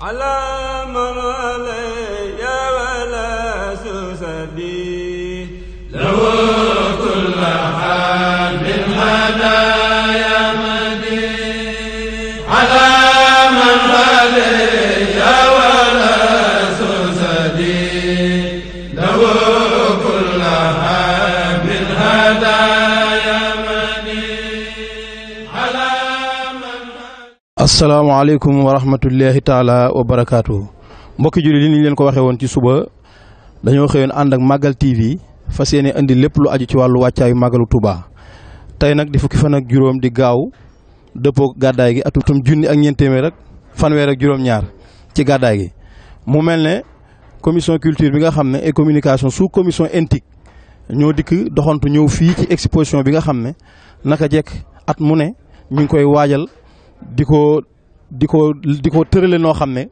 على من علي ولا سسدي له كل حال من هدايا مدي على من علي ولا سسدي له كل حال من هدايا مدي على asalaamaaleykum wa rahmatullahi taala wa barakaatu mbokki jullit yi ni leen ko waxee woon ci suba dañoo xëyoon ànd ak màggal TV fas yéene indi lépp lu aju ci wàllu wàccaayu màggalu Touba tey nag di fukki fan ak juróom di gaaw dëppoo gàddaay gi atum junni ak ñeent téeméer fanweer ak juróom-ñaar ci gàddaay gi. mu mel ne commission culture bi nga xam ne et communication su commission intique ñoo dikk doxantu ñëw fii ci exposition bi nga xam ne naka jekk at mu ne ñu ngi koy waajal. di ko di ko di ko tërale noo xam ne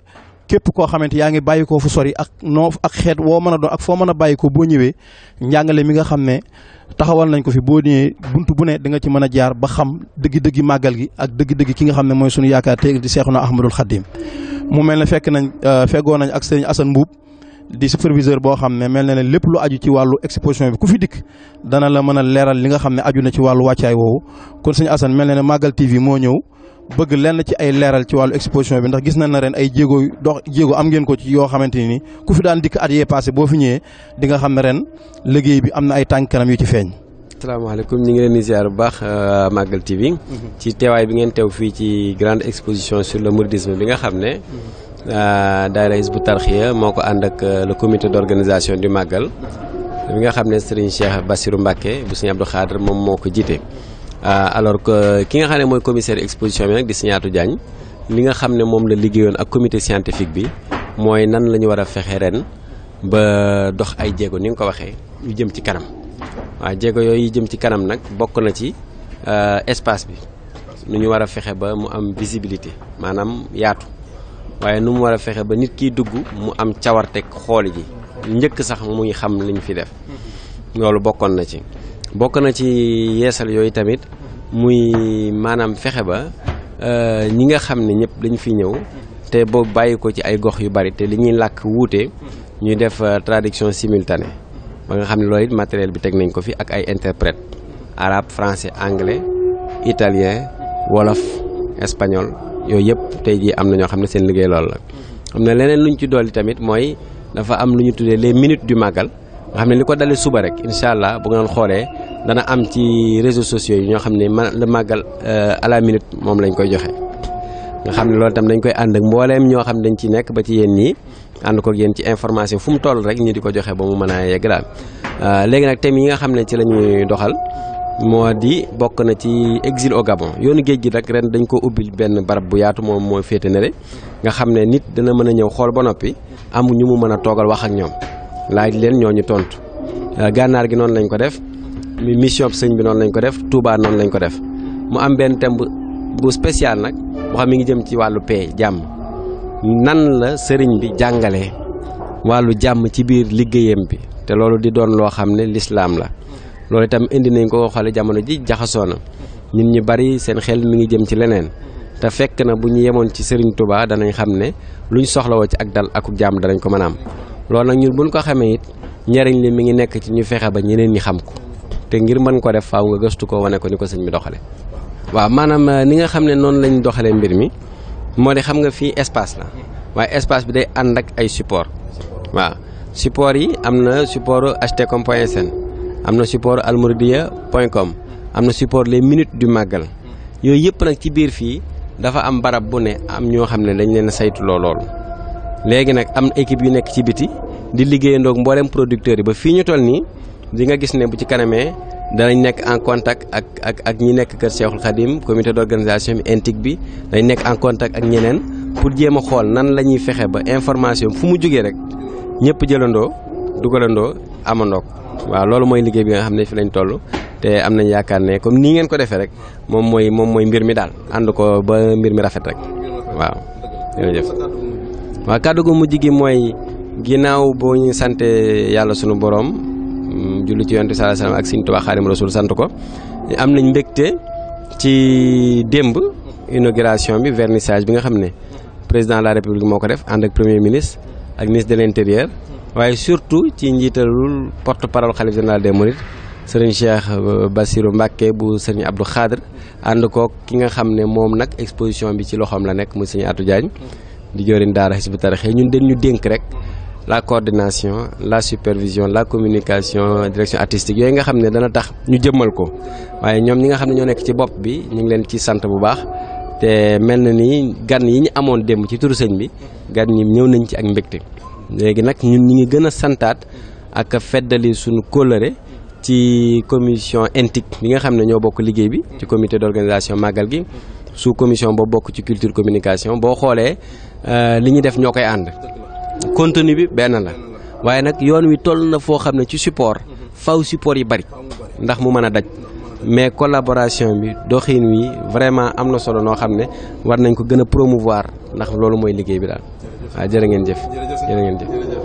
képp koo xamante yaa ngi bàyyi ko fu sori ak noo ak xeet woo mën a doon ak foo mën a bàyyi ko boo ñëwee njàngale mi nga xam ne taxawal nañ ko fi boo ñëwee bunt bu ne da nga ci mën a jaar ba xam dëgg dëgg màggal gi ak dëgg-dëgg ki nga xam ne mooy sunu yaakaar tey di Seexuna Ahmadul Xadim mu mel ne fekk nañ euh, feggoo nañ ak sëriñ Assane Mbuub di superviseur boo xam ne mel na ne lépp lu aju ci wàllu exposition bi ku fi dikk dana la mën a leeral li nga xam ne aju na ci wàllu wàccaay woowu kon sëñ Assane mel na ne Magal TV moo ñëw bëgg lenn ci ay leeral ci wàllu exposition bi ndax gis nañ na ren ay jéego dox jéego am ngeen ko ci yoo xamante ni ku fi daan dikk at yee passé boo fi ñëwee di nga xam ne ren liggéey bi am na ay tànk kanam yu ci feeñ. asalaamaaleykum ñu ngi leen di ziar bu baax euh, Magal TV. Mhm. ci teewaay bi ngeen teew fii ci grande exposition sur le mouridisme bi nga xam ne. Mhm. Euh, daayira bu Tarqiyyah moo ko ànd ak euh, la comité d'organisation du Magal bi nga xam ne Serigne Cheikh Bassirou Mbacké bu Serigne Abdou Khadre moom moo ko jiite. Euh, alors que ki nga xam ne mooy commissaire exposition bi nag di Signatou Diagne li nga xam ne moom la liggéeyoon ak comité scientifique bi mooy nan la ñu war a fexe ren ba dox ay jéego ni nga ko waxee yu jëm ci kanam waaw jéego yooyu jëm ci kanam nag bokk na ci espace bi nu ñu war a fexe ba mu am visibilité maanaam yaatu. waaye nu mu war a fexe ba nit kiy dugg mu am cawarteg xool ji njëkk sax muy xam liñ fi def loolu bokkoon na ci bokk na ci yeesal yooyu tamit muy maanaam fexe ba euh, ñi nga xam ne ñëpp dañu fi ñëw te boobu bàyyi ko ci ay gox yu bari te li ñuy làkk wuute ñuy def euh, traduction simultanée ba nga xam ne loolu it matériel bi teg nañ ko fi ak ay interprète arabe français anglais italien wolof espagnol yo yep tay jii am na xamne xam ne seen la. xam leneen luñ ci doli tamit moy dafa am luñu ñu les minutes du magal nga xam ne li suba rek inshallah bu ngeen xolé dana am ci réseaux sociaux yi ño xamne le magal euh, à la minute mom lañ koy joxé nga xamne lol tam dañ koy and ak mbolém ño xamne dañ ci nek ba ci yeen ni and ko yeen ci information fu mu toll rek ñi di joxé ba mu mëna a yegg daal euh, légui nak tém yi nga xamne ci lañuy doxal. moo di bokk na ci exil au Gabon yoonu géej gi nag ren dañ ko ubbil benn barab bu yaatu moom mooy féete ne nga xam ne nit dana mën a ñëw xool ba noppi amu ñu mu mën a toogal wax ak ñoom laaj leen ñoo ñu tontu euh, gànnaar gi noonu lañ ko def mission sëñ bi noonu lañ ko def Touba noonu lañ ko def mu am benn thème bu spécial nag boo xam mi ngi jëm ci wàllu paix jàmm nan la sëriñ bi jàngalee wàllu jàmm ci biir liggéeyam bi te loolu di doon loo xam ne lislaam la loolu itam indi nañ ko xale jamono ji jaxasoo na ñun ñu bari seen xel mi ngi jëm ci leneen te fekk na bu ñu yemoon ci Serigne tubaa danañ xam ne luñ soxlawoo ci ak dal aku jàmm danañ ko mën a am loolu nag ñu buñ ko xamee it njariñ li mi ngi nekk ci ñu fexe ba ñu ñeneen ñi xam ko te ngir mën ko def faaw nga gëstu ko wane ko ni ko sëñ bi doxale waaw maanaam euh, ni nga xam ne noonu lañ doxalee mbir mi moo di xam nga fii espace la waaye espace bi day ànd ak ay support waaw support yi am na support htcom.sn am na support almouridiya point com am na support les minutes du màggal yooyu yëpp nag ci biir fii dafa am barab bu ne am ñoo xam ne dañ leen saytuloo lool léegi nag am équipe yu nekk ci biti di liggéeyandoog mboolem producteurs yi ba fii ñu toll ni di nga gis ne bu ci kanamee danañ nekk en contact ak ak ak ñi nekk kër Cheikhul Khadim comité d'organisation bi intique bi dañ nekk en contact ak ñeneen pour jéem a xool nan la ñuy fexe ba information fu mu jógee rek ñëpp jëlandoo dugalandoo amandoo waaw loolu mooy liggéey bi nga xam ne fi lañ toll te am nañ yaakaar ne comme nii ngeen ko defee rek moom mooy moom mooy mbir mi daal ànd ko ba mbir mi rafet rek waaw jërëjëf waaw kàddu gu mooy ginnaaw boo ñu sante yàlla sunu borom mm, julli ci yonte sallallahu alayhi wasallam ak Sëriñ Tuubaa Xaadimu Rasuul sant ko am nañ mbégte ci démb inauguration bi vernissage bi nga xam ne président la république moo ko def ànd ak premier ministre ak ministre de l'intérieur waye surtout ci njitalul porte parole khalife général des mourides serigne Cheikh euh, Bassirou mbake bu serigne Abdou Khadre and ko ki nga xamne mom nak exposition bi ci loxom la nek mu serigne Atou Diagne di jorin dara Hizbut tarikh ñun dañ ñu denk rek la coordination la supervision la communication direction artistique yooyu nga xamne dana tax ñu jëmmal ko waye ñom ñi nga xamne ne ñoo ci bop bi ñi ngi len ci sante bu baax té melni gan yi ñi amone dem ci tour serigne bi gan ñi ñew nañ ci ak mbégte léegi nag ñun ñi ngi gën a santaat ak feddali suñu kóllëre ci commission intique bi nga xam ne ñoo bokk liggéey bi ci comité d'organisation màggal gi su commission boobu bokk ci culture communication boo xoolee euh, li ñu def ñoo koy ànd contenu bi benn la waaye nag yoon wi toll na foo xam ne ci support faw support yi bari ndax mu mën a daj mais collaboration bi doxin wi vraiment am na solo noo xam ne war nañ ko gën a promouvoir ndax loolu mooy liggéey bi daal waaw jërë ngeen jëf jërë ngeen jëf